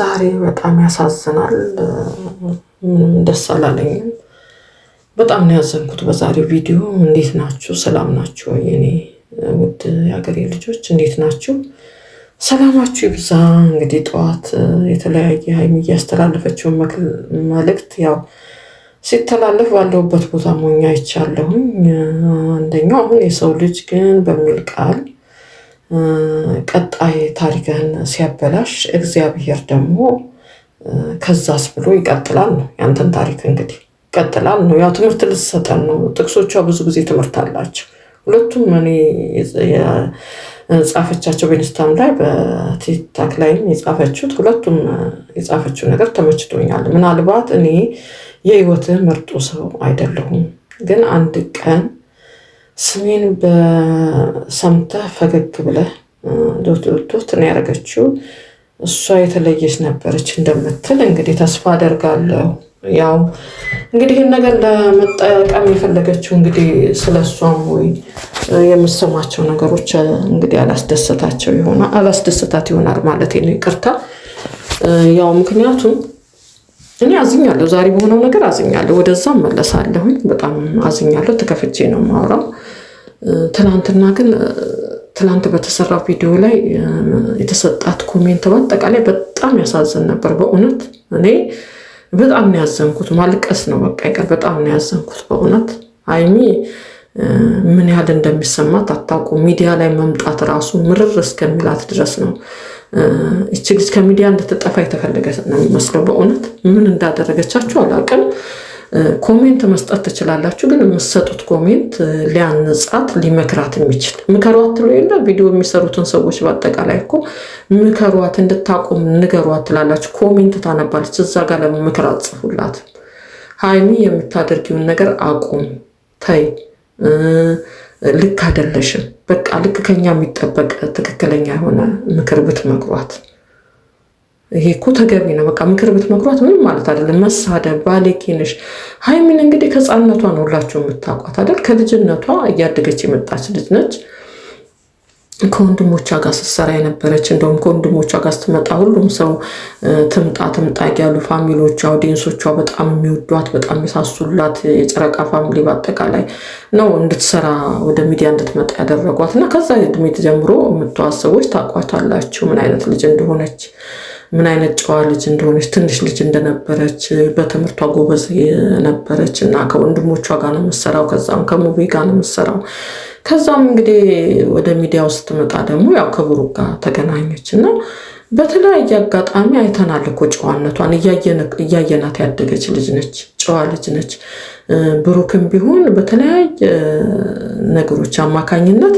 ዛሬ በጣም ያሳዝናል። ምንም ደስ አላለኝም። በጣም ነው ያዘንኩት በዛሬው ቪዲዮ። እንዴት ናችሁ? ሰላም ናችሁ? የኔ ውድ የሀገሬ ልጆች እንዴት ናችሁ? ሰላማችሁ ይብዛ። እንግዲህ ጠዋት የተለያየ ሀይሚ እያስተላለፈችውን መልእክት ያው ሲተላለፍ ባለሁበት ቦታ ሞኛ አይቻለሁኝ። አንደኛው አሁን የሰው ልጅ ግን በሚል ቃል ቀጣይ ታሪክህን ሲያበላሽ እግዚአብሔር ደግሞ ከዛስ ብሎ ይቀጥላል ነው። ያንተን ታሪክ እንግዲህ ይቀጥላል ነው። ያው ትምህርት ልትሰጠን ነው። ጥቅሶቿ ብዙ ጊዜ ትምህርት አላቸው። ሁለቱም እኔ የጻፈቻቸው በኢንስታም ላይ በቲክታክ ላይም የጻፈችሁት ሁለቱም የጻፈችው ነገር ተመችቶኛል። ምናልባት እኔ የህይወትህ ምርጡ ሰው አይደለሁም፣ ግን አንድ ቀን ስሜን በሰምታ ፈገግ ብለህ ዶት ነው ያደረገችው። እሷ የተለየች ነበረች እንደምትል እንግዲህ ተስፋ አደርጋለሁ። ያው እንግዲህ ይህን ነገር ለመጠቀም የፈለገችው እንግዲህ ስለ እሷም ወይ የምሰማቸው ነገሮች እንግዲህ አላስደሰታቸው ይሆናል አላስደሰታት ይሆናል ማለት ነው። ይቅርታ ያው ምክንያቱም እኔ አዝኛለሁ፣ ዛሬ በሆነው ነገር አዝኛለሁ። ወደዛ እመለሳለሁኝ። በጣም አዝኛለሁ። ተከፍቼ ነው የማወራው። ትናንትና ግን ትናንት በተሰራው ቪዲዮ ላይ የተሰጣት ኮሜንት በአጠቃላይ በጣም ያሳዝን ነበር። በእውነት እኔ በጣም ነው ያዘንኩት። ማልቀስ ነው በቃ ይቀር። በጣም ነው ያዘንኩት በእውነት ሀይሚ ምን ያህል እንደሚሰማት አታውቁ። ሚዲያ ላይ መምጣት ራሱ ምርር እስከሚላት ድረስ ነው። ይቺ ልጅ ከሚዲያ እንደተጠፋ የተፈለገ ነው የሚመስለው። በእውነት ምን እንዳደረገቻችሁ አላውቅም። ኮሜንት መስጠት ትችላላችሁ። ግን የምትሰጡት ኮሜንት ሊያንጻት ሊመክራት የሚችል ምከሯት ትሎ የለ ቪዲዮ የሚሰሩትን ሰዎች በአጠቃላይ እኮ ምከሯት፣ እንድታቆም ንገሯት ትላላችሁ። ኮሜንት ታነባለች። እዛ ጋር ለምክር አጽፉላት። ሀይሚ የምታደርጊውን ነገር አቁም፣ ተይ፣ ልክ አይደለሽም። በቃ ልክ ከኛ የሚጠበቅ ትክክለኛ የሆነ ምክር ብትመክሯት ይሄ እኮ ተገቢ ነው። በቃ ምክር ቤት ብትመክሯት ምንም ማለት አይደለም። መሳደብ ባሌኪንሽ ሀይሚን እንግዲህ ከህፃንነቷ ነው ሁላችሁ የምታውቋት አይደል? ከልጅነቷ እያደገች የመጣች ልጅ ነች። ከወንድሞቿ ጋር ስትሰራ የነበረች እንደውም ከወንድሞቿ ጋር ስትመጣ ሁሉም ሰው ትምጣ ትምጣ ያሉ ፋሚሊዎቿ፣ ኦዲየንሶቿ በጣም የሚወዷት በጣም የሳሱላት የጨረቃ ፋሚሊ በአጠቃላይ ነው እንድትሰራ ወደ ሚዲያ እንድትመጣ ያደረጓት እና ከዛ እድሜ ጀምሮ የምትዋት ሰዎች ታውቋታላችሁ ምን አይነት ልጅ እንደሆነች ምን አይነት ጨዋ ልጅ እንደሆነች ትንሽ ልጅ እንደነበረች በትምህርቷ ጎበዝ የነበረች እና ከወንድሞቿ ጋር ነው የምትሰራው። ከዛም ከሙቤ ጋር ነው የምትሰራው። ከዛም እንግዲህ ወደ ሚዲያው ስትመጣ ደግሞ ያው ከብሩ ጋር ተገናኘች እና በተለያየ አጋጣሚ አይተናል እኮ ጨዋነቷን። እያየናት ያደገች ልጅ ነች፣ ጨዋ ልጅ ነች። ብሩክም ቢሆን በተለያየ ነገሮች አማካኝነት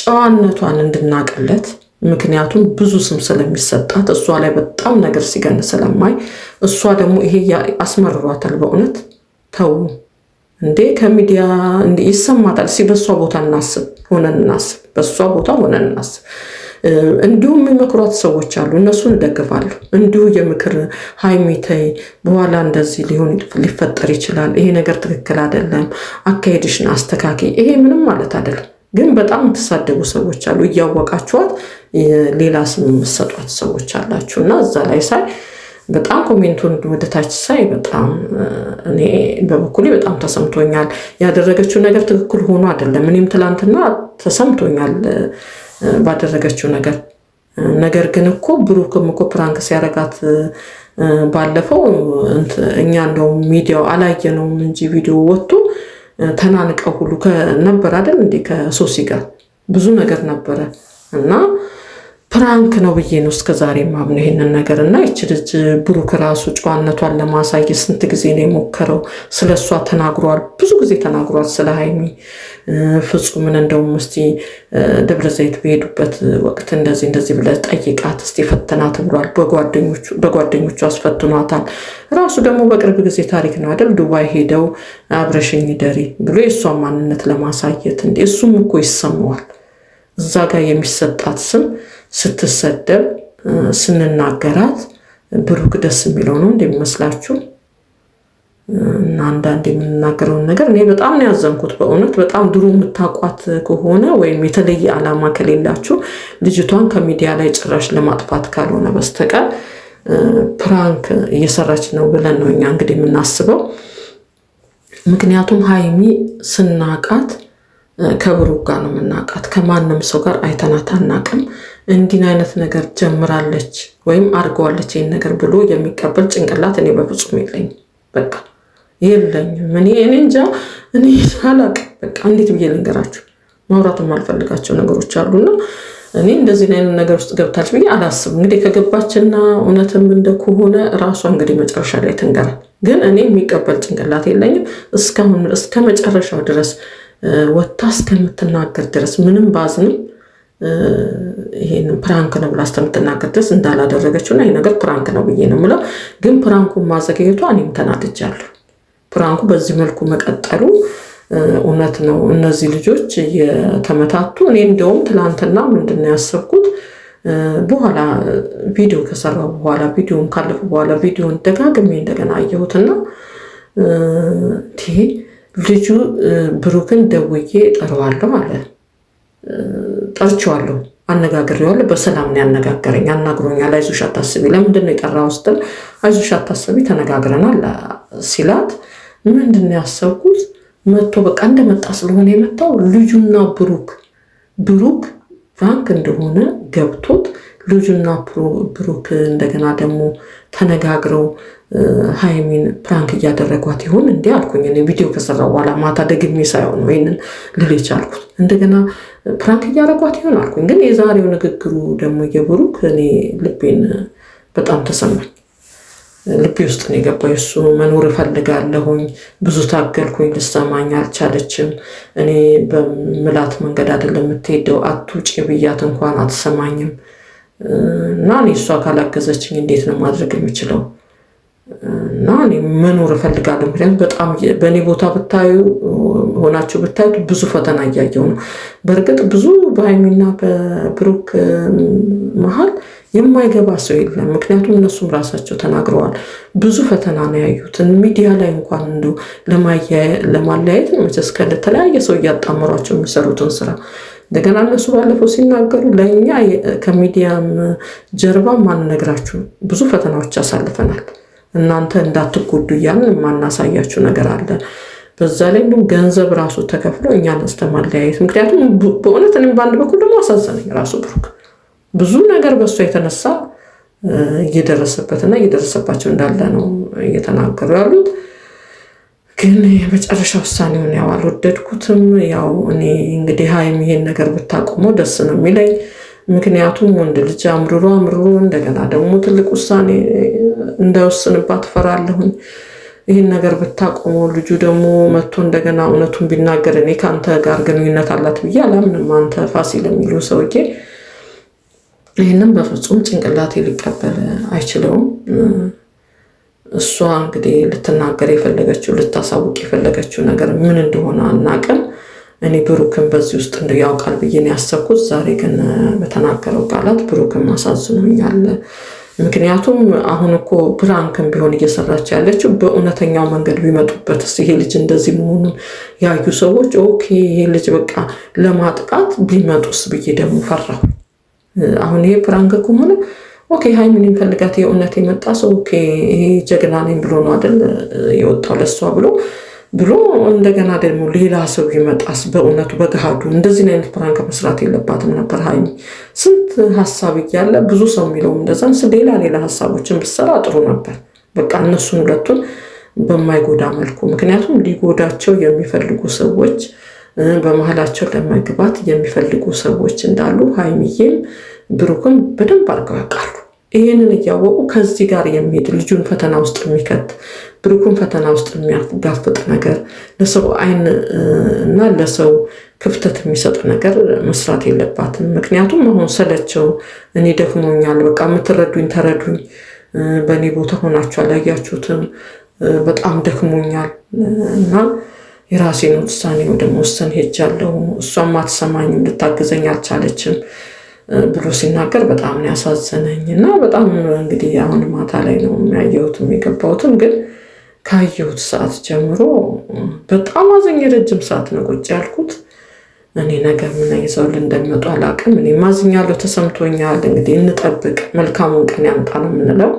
ጨዋነቷን እንድናቅለት ምክንያቱም ብዙ ስም ስለሚሰጣት እሷ ላይ በጣም ነገር ሲገን ስለማይ እሷ ደግሞ ይሄ አስመርሯታል። በእውነት ተው እንዴ ከሚዲያ ይሰማታል። ሲ በእሷ ቦታ እናስብ፣ ሆነን እናስብ፣ በእሷ ቦታ ሆነን እናስብ። እንዲሁም የሚመክሯት ሰዎች አሉ፣ እነሱን እደግፋለሁ። እንዲሁ የምክር ሀይሚተይ በኋላ እንደዚህ ሊሆን ሊፈጠር ይችላል፣ ይሄ ነገር ትክክል አይደለም፣ አካሄድሽን አስተካኪ። ይሄ ምንም ማለት አይደለም፣ ግን በጣም የምትሳደቡ ሰዎች አሉ እያወቃችኋት ሌላ ስም የምሰጧት ሰዎች አላችሁ እና እዛ ላይ ሳይ በጣም ኮሜንቱን ወደታች ሳይ በጣም እኔ በበኩሌ በጣም ተሰምቶኛል። ያደረገችው ነገር ትክክል ሆኖ አይደለም። እኔም ትላንትና ተሰምቶኛል ባደረገችው ነገር ነገር ግን እኮ ብሩክም እኮ ፕራንክ ሲያረጋት ባለፈው እኛ እንደው ሚዲያው አላየነውም እንጂ ቪዲዮ ወጥቶ ተናንቀው ሁሉ ነበር አይደል እንዴ? ከሶሲ ጋር ብዙ ነገር ነበረ እና ፕራንክ ነው ብዬ ነው እስከዛሬ ማምነው ይሄንን ነገር እና ይች ልጅ ብሩክ ራሱ ጨዋነቷን ለማሳየት ስንት ጊዜ ነው የሞከረው። ስለ እሷ ተናግሯል፣ ብዙ ጊዜ ተናግሯል። ስለ ሀይሚ ፍጹምን እንደውም እስቲ ደብረ ዘይት በሄዱበት ወቅት እንደዚህ እንደዚህ ብለህ ጠይቃት እስቲ ፈተናት ብሏል። በጓደኞቹ አስፈትኗታል። ራሱ ደግሞ በቅርብ ጊዜ ታሪክ ነው አይደል ዱባይ ሄደው አብረሽኝ ደሪ ብሎ የእሷን ማንነት ለማሳየት እንደ እሱም እኮ ይሰማዋል እዛ ጋር የሚሰጣት ስም ስትሰደብ ስንናገራት ብሩክ ደስ የሚለው ነው እንደሚመስላችሁ እና አንዳንድ የምንናገረውን ነገር እኔ በጣም ነው ያዘንኩት። በእውነት በጣም ድሮ የምታውቋት ከሆነ ወይም የተለየ ዓላማ ከሌላችሁ ልጅቷን ከሚዲያ ላይ ጭራሽ ለማጥፋት ካልሆነ በስተቀር ፕራንክ እየሰራች ነው ብለን ነው እኛ እንግዲህ የምናስበው። ምክንያቱም ሀይሚ ስናቃት ከብሩክ ጋር ነው የምናውቃት። ከማንም ሰው ጋር አይተናት አናቅም? እንዲህን አይነት ነገር ጀምራለች ወይም አድርገዋለች ይህን ነገር ብሎ የሚቀበል ጭንቅላት እኔ በፍጹም የለኝም። በቃ የለኝም። እኔ እኔ እንጃ እኔ አላቅም። በቃ እንዴት ብዬ ልንገራችሁ? ማውራት የማልፈልጋቸው ነገሮች አሉና እኔ እንደዚህ አይነት ነገር ውስጥ ገብታች ብዬ አላስብም። እንግዲህ ከገባችና እውነትም እንደ ከሆነ ራሷ እንግዲህ መጨረሻ ላይ ትንገራል። ግን እኔ የሚቀበል ጭንቅላት የለኝም። እስከ መጨረሻው ድረስ ወታ እስከምትናገር ድረስ ምንም ባዝንም ይሄን ፕራንክ ነው ብላ እስከምትናገር ድረስ እንዳላደረገችው እና ይሄ ነገር ፕራንክ ነው ብዬ ነው ምለው። ግን ፕራንኩን ማዘገየቱ እኔም ተናድጃለሁ። ፕራንኩ በዚህ መልኩ መቀጠሉ እውነት ነው። እነዚህ ልጆች የተመታቱ እኔ እንዲያውም ትላንትና ምንድን ነው ያሰብኩት በኋላ ቪዲዮ ከሰራው በኋላ ቪዲዮን ካለፉ በኋላ ቪዲዮን ደጋግሜ እንደገና አየሁትና ልጁ ብሩክን ደውዬ ጠረዋለሁ አለ ጠርቼዋለሁ፣ አነጋግሬዋለሁ። በሰላም ነው ያነጋገረኝ። አናግሮኛል። አይዞሽ አታስቢ። ለምንድን ነው የጠራ ውስጥን አይዞሽ አታስቢ ተነጋግረናል ሲላት ምንድን ነው ያሰብኩት መጥቶ በቃ እንደመጣ ስለሆነ የመጣው ልጁና ብሩክ ብሩክ ባንክ እንደሆነ ገብቶት ልጁና ብሩክ እንደገና ደግሞ ተነጋግረው ሀይሚን ፕራንክ እያደረጓት ይሆን እንዲህ አልኩኝ። ቪዲዮ ከሰራ በኋላ ማታ ደግሜ ሳይሆን ወይንን ልል የቻልኩት እንደገና ፕራንክ እያረጓት ይሆን አልኩኝ። ግን የዛሬው ንግግሩ ደግሞ የብሩክ እኔ ልቤን በጣም ተሰማኝ። ልቤ ውስጥ ነው የገባው። እሱ መኖር እፈልጋለሁኝ። ብዙ ታገልኩኝ፣ ልሰማኝ አልቻለችም። እኔ በምላት መንገድ አይደለም የምትሄደው። አቱ ብያት እንኳን አትሰማኝም። እና እኔ እሷ ካላገዘችኝ እንዴት ነው ማድረግ የምችለው? እና እኔ መኖር እፈልጋለሁ። ምክንያቱም በጣም በእኔ ቦታ ብታዩ ሆናችሁ ብታዩት ብዙ ፈተና እያየው ነው። በእርግጥ ብዙ በሀይሚና በብሩክ መሀል የማይገባ ሰው የለም። ምክንያቱም እነሱም ራሳቸው ተናግረዋል። ብዙ ፈተና ነው ያዩትን ሚዲያ ላይ እንኳን እንዲ ለማለያየት መቸስ ለተለያየ ሰው እያጣመሯቸው የሚሰሩትን ስራ እንደገና እነሱ ባለፈው ሲናገሩ ለእኛ ከሚዲያም ጀርባ ማንነግራችሁ ብዙ ፈተናዎች አሳልፈናል እናንተ እንዳትጎዱ እያልን የማናሳያችሁ ነገር አለ። በዛ ላይ ግን ገንዘብ ራሱ ተከፍሎ እኛን እስከ ምክንያቱም በእውነት እኔም በአንድ በኩል ደግሞ አሳዘነኝ ራሱ ብሩክ ብዙ ነገር በእሷ የተነሳ እየደረሰበትና እየደረሰባቸው እንዳለ ነው እየተናገሩ ያሉት። ግን የመጨረሻ ውሳኔውን ያው አልወደድኩትም። ያው እኔ እንግዲህ ሀይም ይሄን ነገር ብታቆመው ደስ ነው የሚለኝ። ምክንያቱም ወንድ ልጅ አምርሮ አምርሮ እንደገና ደግሞ ትልቅ ውሳኔ እንዳይወስንባት እፈራለሁኝ። ይህን ነገር ብታቆመው ልጁ ደግሞ መቶ እንደገና እውነቱን ቢናገር እኔ ከአንተ ጋር ግንኙነት አላት ብዬ አላምንም። አንተ ፋሲል የሚሉ ሰውዬ ይህንም በፍጹም ጭንቅላቴ ሊቀበል አይችለውም። እሷ እንግዲህ ልትናገር የፈለገችው ልታሳውቅ የፈለገችው ነገር ምን እንደሆነ አናቅም። እኔ ብሩክን በዚህ ውስጥ እንደ ያውቃል ብዬን ያሰብኩት። ዛሬ ግን በተናገረው ቃላት ብሩክን አሳዝኖኛል። ምክንያቱም አሁን እኮ ፕራንክም ቢሆን እየሰራች ያለችው በእውነተኛው መንገድ ቢመጡበት ይሄ ልጅ እንደዚህ መሆኑን ያዩ ሰዎች ኦኬ ይሄ ልጅ በቃ ለማጥቃት ቢመጡስ ብዬ ደግሞ ፈራሁ። አሁን ይሄ ፕራንክ ከሆነ ኦኬ ሀይሚን የሚፈልጋት የእውነት የመጣ ሰው ኦኬ፣ ይሄ ጀግና ነኝ ብሎ ነው አይደል የወጣው ለሷ ብሎ ብሎ እንደገና ደግሞ ሌላ ሰው ይመጣስ በእውነቱ በገሃዱ እንደዚህ አይነት ፕራንክ መስራት የለባትም ነበር ሀይሚ። ስንት ሀሳብ እያለ ብዙ ሰው የሚለው እንደዛም ሌላ ሌላ ሀሳቦችን ብሰራ ጥሩ ነበር። በቃ እነሱን ሁለቱን በማይጎዳ መልኩ ምክንያቱም ሊጎዳቸው የሚፈልጉ ሰዎች በመሀላቸው ለመግባት የሚፈልጉ ሰዎች እንዳሉ ሀይሚዬም ብሩክም በደንብ አድርገው ያውቃሉ። ይህንን እያወቁ ከዚህ ጋር የሚሄድ ልጁን ፈተና ውስጥ የሚከት ብሩክን ፈተና ውስጥ የሚያጋፍጥ ነገር ለሰው አይን እና ለሰው ክፍተት የሚሰጥ ነገር መስራት የለባትም። ምክንያቱም አሁን ሰለቸው፣ እኔ ደክሞኛል፣ በቃ የምትረዱኝ ተረዱኝ፣ በእኔ ቦታ ሆናችሁ አላያችሁትም፣ በጣም ደክሞኛል እና የራሴን ውሳኔ ወደ መወሰን ሄጃለሁ፣ እሷም አትሰማኝም፣ ልታግዘኝ አልቻለችም ብሎ ሲናገር በጣም ያሳዘነኝ። እና በጣም እንግዲህ አሁን ማታ ላይ ነው የሚያየሁትም የገባሁትም ግን ካየሁት ሰዓት ጀምሮ በጣም አዝኜ ረጅም ሰዓት ነው ቁጭ ያልኩት። እኔ ነገር ምን ይዘውል እንደሚወጡ አላውቅም። እኔ ማዝኛለሁ፣ ተሰምቶኛል። እንግዲህ እንጠብቅ፣ መልካሙን ቀን ያምጣ ነው የምንለው።